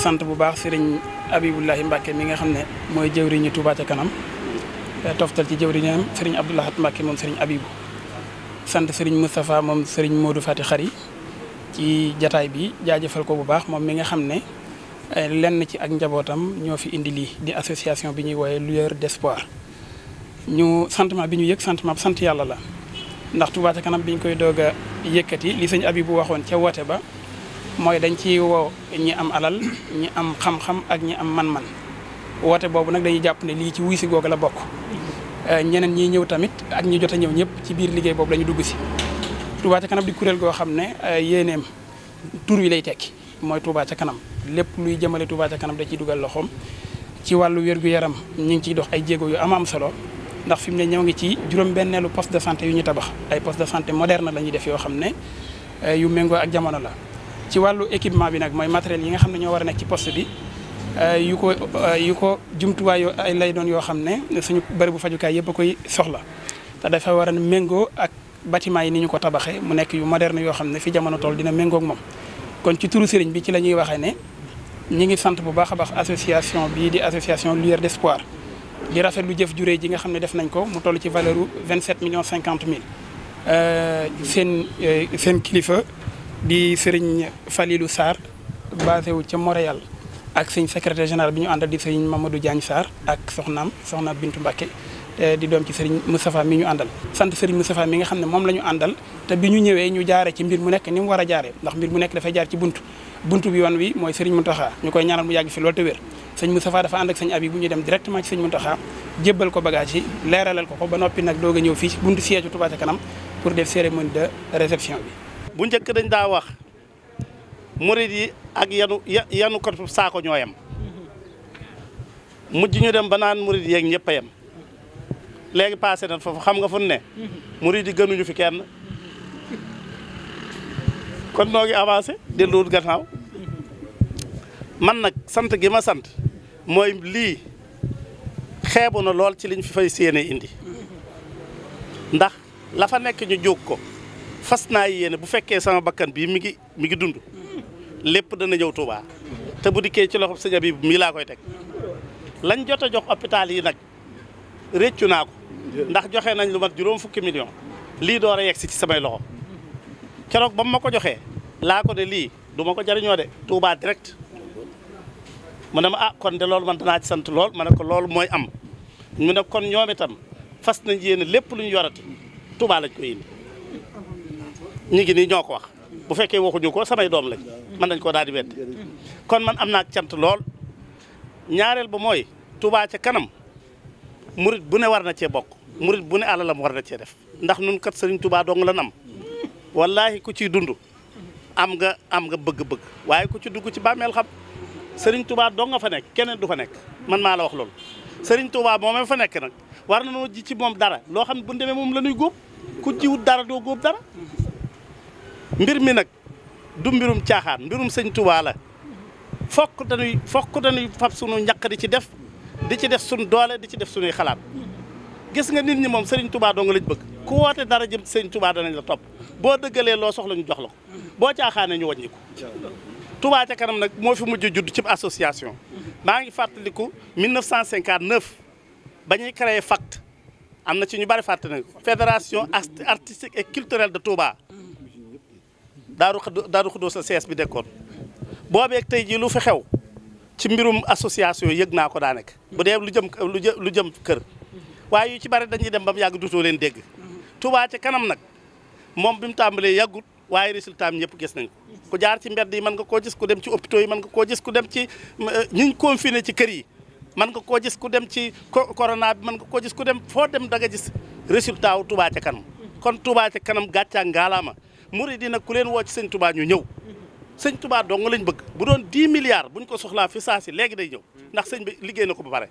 sant bu baax sëriñ Abibulahi Mbacke mi nga xam ne mooy jëwriñu Touba ca kanam eh, toftal ci jëwriñam sëriñ Abdoulahat Mbacke moom sëriñ Abibu sant sëriñ Moustapha moom sëriñ Modou Fati Xari ci jataay bi jaajëfal ko bu baax moom mi nga xam ne eh, lenn ci ak njabootam ñoo fi indi lii di association bi ñuy wooye lueur d'espoir ñu sentiment bi ñu yëg sentiment sant yàlla la ndax Touba kanam bi koy doog yëkkati li sëñ Abibu waxoon ca woote ba mooy dañ ci woo ñi am alal ñi am xam-xam ak ñi am man-man woote boobu nag dañuy jàpp ne lii ci wuy si googu la bokk eh, ñeneen ñi ñëw tamit ak ñi jot a ñëw ñëpp ci biir liggéey boobu la dugg si Touba ca kanam di kuréel goo xam ne eh, yéeneem tur wi lay tekki mooy Touba ca kanam lépp luy jëmale Touba ca kanam da ciy dugal loxoom ci wàllu wér-gu-yaram ñu ngi ciy dox ay jéego yu am am solo ndax fi mu ne ñoo ngi ci juróom-benneelu poste de santé yu ñu tabax ay poste de santé moderne la def yoo xam ne eh, yu méngoo jamono la ci wàllu équipement bi nag mooy matériel yi nga xam ne ñoo war nekk ci poste bi euh, yu ko euh, yu ko jumtuwaay ay lay doon yoo xam ne suñu bërëbu fajukaay yëpp a koy soxla te dafa war a méngoo ak bâtiment yi ni ñu ko tabaxee mu nekk yu moderne yoo xam ne fi jamono tool dina méngoo moom kon ci turu sëriñ bi ci la ñuy waxee ne ñi ngi sant bu baax a baax association bii di association Lueur d'Espoir di rafet lu jëf juré ji nga xam ne def nañ ko mu toll ci valeur u 27 millions 50 mille euh, seen seen kilifa di sëriñ Falilou Sarr basé wu ca Montréal ak suñ secrétaire général bi ñu àndal di sëriñ Mamadou Diagne Sarr ak soxnaam soxna Bintu Mbacké eh, di doom ci sëriñ Moustapha mi ñu àndal sant sëriñ Moustapha mi nga xam ne moom la ñu àndal te bi ñu ñëwee ñu jaare ci mbir mu nekk ni mu war a jaare ndax mbir mu nekk dafay jaar ci buntu buntu bi yoon wi mooy sëriñ Mountakha ñu koy ñaanal mu yàgg fi loolu te wér sëñ Moustapha dafa ànd ak sëñ Abi bu ñu dem directement ci sëñ Mountakha jébbal ko bagage yi leeralal ko ko ba noppi nag doog a ñëw fii buntu siège Touba ca kanam pour def cérémonie de réception bi bu njëkk dañ daa wax murid yi ak yanu yanu ko saako ñoo yem mujj ñu dem ba naan murid yeeg ñëpp yem léegi passé na foofu xam nga fu ne murid yi gënuñu fi kenn kon noo ngi avancé delluwut gannaaw man nag sant gi ma sant mooy lii xeebu na lool ci liñ fi fay séenee indi ndax lafa nekk ñu jóg ko fas naa yéene bu fekkee sama bakkan bii mi ngi mi ngi dund lépp dana ñëw Touba te bu dikkee ci loxob sëñ bi mi laa koy teg lañ jot a jox hôpital yi nag réccu naa ko ndax joxe nañ lu mat juróom fukki million lii door a yegg si ci samay loxo keroog ba mu ma ko joxee laa ko ne lii du ma ko jariñoo de Touba direct mu ne ma ah kon de loolu man ci sant lool ma ne ko loolu mooy am mu ne kon ñoom itam fas nañ yéene lépp lu ñu yorati Touba lañ ko indi ñu ngi nii ñoo ko wax bu fekkee waxuñu ko samay doom lañ mën nañ koo daal di kon man am naa cant lool ñaareel ba mooy tubaa ca kanam murit bu ne war na cee bokk murit bu ne alalam war na cee def ndax nun kat sëriñ Touba dong lan am wallaahi ku ciy dund am nga am nga bëgg-bëgg waaye ku ci dugg ci bàmmeel xam sëriñ Touba dong nga fa nekk keneen du fa nekk man maa la wax lool sëriñ Touba moomee fa nekk nag war na noo ji ci moom dara loo xam ne bu demee moom la ñuy góob ku jiwut dara doo góob dara mbir mi nag du mbirum caaxaan mbirum sëñ Tuubaa la fokk dañuy fokk dañuy fab sunu ñaq di ci def di ci def suñ doole di ci def sunuy xalaat gis nga nit ñi moom sëriñ Tuubaa doo nga lañ bëgg ku woote dara jëm sëriñ Tuubaa nañ la topp boo dëggalee loo soxla ñu jox la ko boo caaxaanee ñu wàññi ko Tuubaa ca kanam nag moo fi mujj judd ci association maa ngi fàttaliku 1959 ba ñuy créé FACT am na ci ñu bari fàttali ko fédération artistique et culturelle de Touba daaru daaru xudóos la sees bi dekkoon boobeeg tey jii lu fi xew ci mbirum association yëg naa ko daa nekk bu dee lu jëm lu jëm kër waaye yu ci bare dañuy dem ba mu yàgg dutoo leen dégg Touba ca kanam nag moom bi mu tàmbalee yàggut waaye résultat am ñëpp gis nañ ko ku jaar ci mbedd yi mën nga koo gis ku dem ci hôpitaux yi man nga koo gis ku dem ci euh, ñiñ confiné ci kër yi mën nga koo jis ku dem ci corona bi mën nga koo gis ku dem foo dem da nga gis résultat wu Touba ca kanam kon Touba ca kanam gàccaa ngaalaama murid yi nag ku leen woo ci sëñ tubaa ñu ñëw sëñ tubaa dong lañ bëgg bu doon 10 milliards buñ ko soxlaa fi saa si léegi day ñëw ndax sëñ bi liggéey na ko ba pare